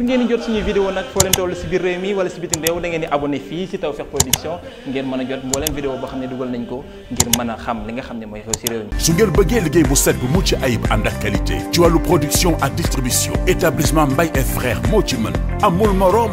ngir ngeen di jot suñuy vidéo nag foo leen toll si biir réew mi wala si bitim réew da di abonné fii si Tawfekh Production ngeen mën a jot mbooleem vidéo boo xam ne dugal nañ ko ngir mën a xam li nga xam ne mooy xew si réew mi su ngeen bëggee liggéey bu set bu mucc ayib ànd ak qualité ci wàllu production ak distribution établissement Mbaye et frères moo ci mën amul morom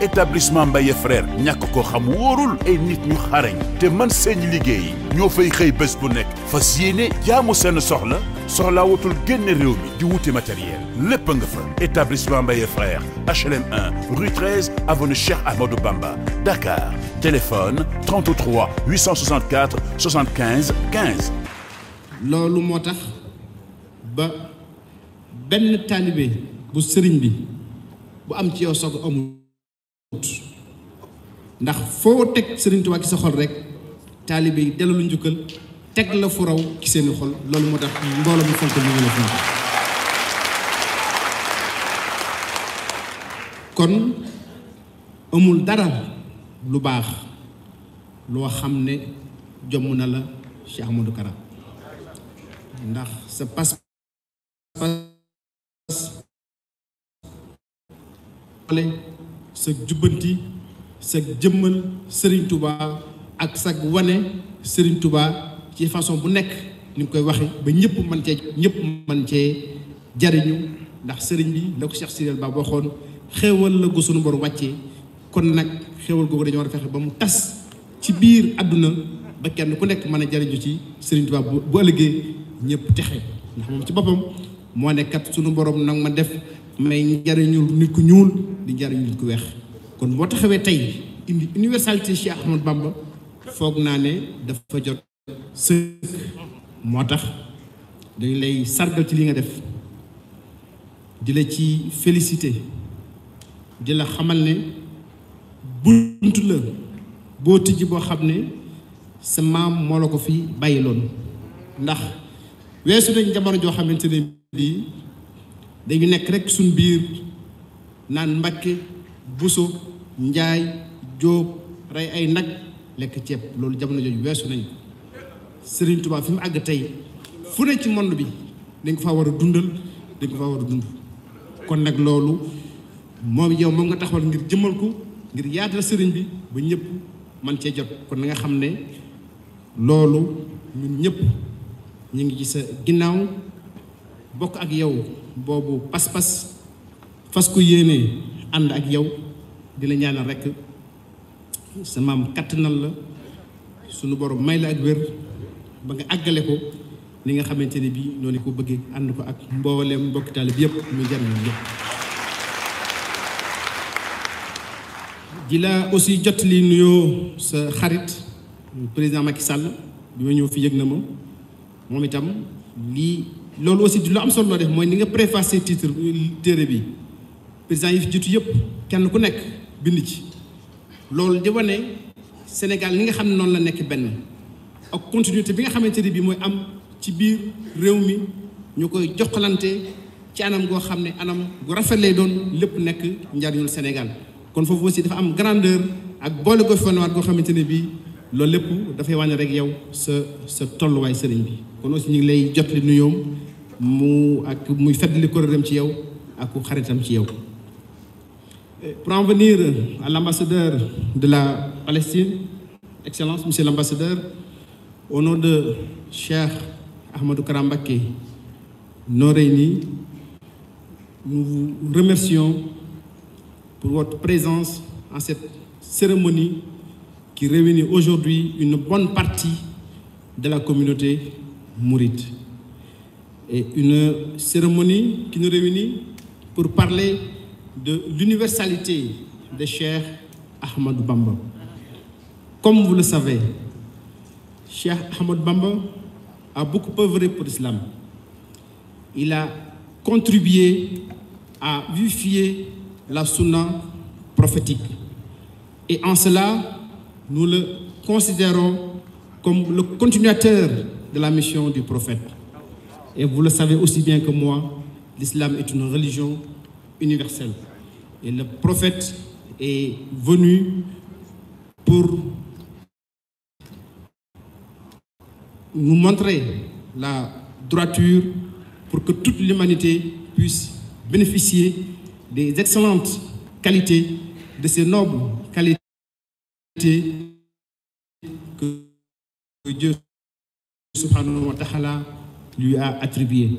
établissement Mbaye frère ñàkk ko xam wóorul ay nit ñu xarañ te man seen liggéey ñoo fay xëy bés bu nekk fas yéene jaamu seen soxla soxlaa wutul génne réew mi di wuti matériel lépp nga fa établissement Mbaye frère HLM 1 rue 13 avenue Cheikh Amadou Bamba Dakar téléphone 33 864 75 15. loolu moo tax ba benn taalibe bu sëriñ bi bu am ci yow soog amul. ndax foo teg Serigne Touba ci sa xol rek taalibe yi njukkal teg la fu raw ci seeni xol loolu moo tax mbooloo mu fonk mu ngi kon amul dara lu baax loo xam ne jomm na la Cheikh Ahmadou Kara ndax sa pas pas sag jubbanti sag jëmmal Serigne Touba ak sag wane Serigne Touba ci façon bu nekk ñu nga koy waxe ba ñëpp man cee ñëpp man cee jariñu ndax sëriñ bi la ko Cheikh Sidel Ba waxoon xéewal la ko sunu bor wàccee kon nag xéewal googu dañoo war a fexe ba mu tas ci biir àdduna ba kenn ku nekk mën a jariñu ci Serigne Touba bu ëllëgee ñëpp texe ndax moom ci boppam moo ne kat sunu borom nag ma def may njariñu nit ku ñuul di njariñ nit ku weex kon boo taxawee tey indi universalité Cheikh Ahmad Bamba foog naa ne dafa jot sëkk moo tax dañ lay sargal ci li nga def di la ci félicité di la xamal ne bunt la boo tijji boo xam ne sa maam moo la ko fi bàyyiloon ndax weesu nañ jamono joo xamante ne bii dañu nekk rek suñ biir naan Mbakke Buso Njaay Jóob rey ay nag lekk ceeb loolu jamono jooju weesu nañ Sëriñ Tuubaa fi mu àgg tey fu ne ci monde bi dañ ko faa war a dundal dañ ko faa war a dund kon nag loolu moom yow moom nga taxawal ngir jëmal ko ngir yaatal sëriñ bi ba ñëpp man cee jot kon na nga xam ne loolu ñun ñëpp ñu ngi ci sa ginnaaw bokk ak yow boobu pas-pas fas ku yéenee ànd ak yow di la ñaanal rek sa maam kattanal la sunu borom may la ak wér ba nga àggale ko li nga xamante ne bii noonu ko bëggee ànd ko ak mbooleem mbokki taalib yëpp mu jariñ yëpp di la aussi jot li nuyoo sa xarit président Macky Sall bi ma ñëw fi yëg na ma moom itam lii loolu aussi di lu am solo def mooy ni nga préfacé titre téere bi président yi jiitu yëpp kenn ku nekk bind ci loolu di wane Sénégal li nga xam ne noonu la nekk benn ak continuité bi nga xamante ne bii mooy am ci biir réew mi ñu koy joxalante ci anam goo xam ne anam gu rafet lay doon lépp nekk njariñul Sénégal kon foofu aussi dafa am grandeur ak boole ko fenwaat goo xamante ne bii. loolu lépp dafay wane rek yow sa sa tolluwaay sëriñ bi kon aussi ñu ngi lay jot li nuyoom mu ak muy fàttali kuréelam ci yow ak xaritam ci yow. pour en venir à l'ambassadeur de la Palestine excellence monsieur l'ambassadeur au nom de Cheikh Ahmadou Kara Mbacké Noreyni nous vous pour votre présence en cette cérémonie qui réunit aujourd'hui une bonne partie de la communauté mouride. Et une cérémonie qui nous réunit pour parler de l'universalité de Cheikh Ahmadou Bamba. Comme vous le savez, Cheikh Ahmadou Bamba a beaucoup œuvré pour l'islam. Il a contribué à vivifier la sunna prophétique. Et en cela, nous le considérons comme le continuateur de la mission du prophète. Et vous le savez aussi bien que moi, l'islam est une religion universelle. Et le prophète est venu pour nous montrer la droiture pour que toute l'humanité puisse bénéficier des excellentes qualités de ces nobles que Dieu subhanahu wa ta'ala lui a attribué.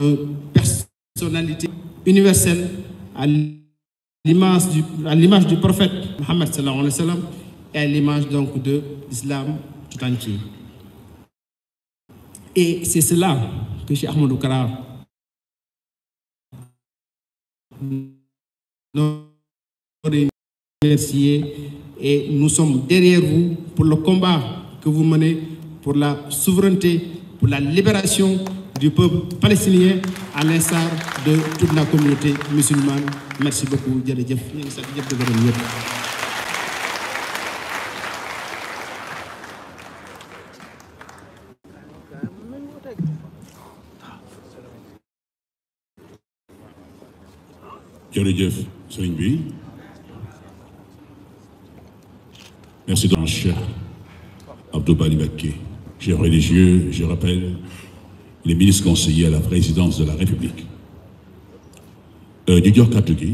Une universelle à l'image du, prophète Mohammed sallallahu alayhi wa sallam et à l'image donc de l'islam tout entier. Et c'est cela que Cheikh Ahmadou Kara remercier et nous sommes derrière vous pour le combat que vous menez pour la souveraineté, pour la libération du peuple palestinien à l'instar de toute la communauté musulmane. Merci beaucoup. jërëjëf ñu ngi sant ñëpp di gërëm ñëpp. jërëjëf sëñ bi. Merci donc, cher Abdou je rappelle, il est ministre à la présidence de la République. Euh, ñu jox kàddu gi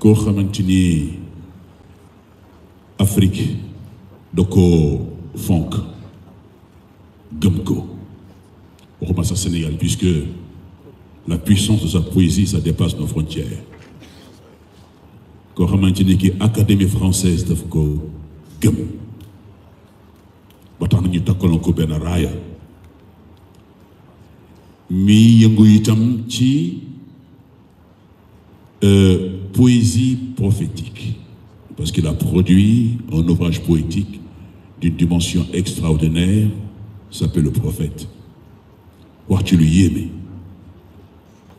koo xamante ni Afrique da ko fonk gëm ko waxuma sax Sénégal puisque la puissance de sa poésie ça dépasse nos frontières koo xamante ni ki académie française daf ko gëm ba tax na ñu takkaloon ko benn raaya mi yëngu itam ci euh, poésie prophétique parce qu'il a produit un ouvrage poétique d'une dimension extraordinaire s'appelle le prophète wax ci lu yéeme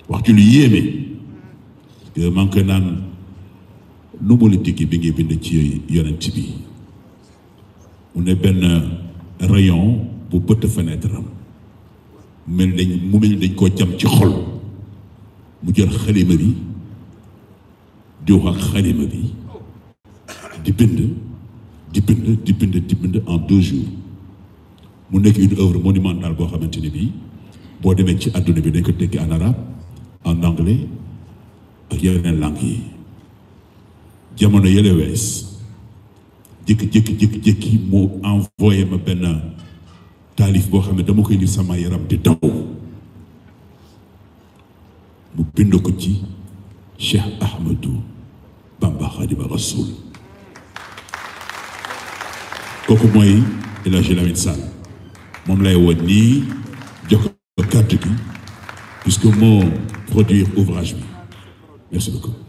wax ci lu yéeme manque naan numismatique bi ngay bind ci yonent bi mu benn rayon bu bëtt fenêtre am mel dañ koo jam ci xol mu jël xalima bi di wax ak xalima bi di en deux nekk une œuvre monumentale boo xamante ni bii boo demee ci àdduna bi dañ ko tekki en arabe anglais ak yeneen langues yi jamono yële wees jékki-jékki jékki mu envoyé ma benn taalif boo xam ne dama koy lire sama yaram di daw mu bind ko ci Cheikh Ahmadou Bamba Khadima Rasoul kooku mooy El Hadji Lamine Sall moom lay woon nii jox ko kàddu gi puisque moo produire ouvrage bi merci beaucoup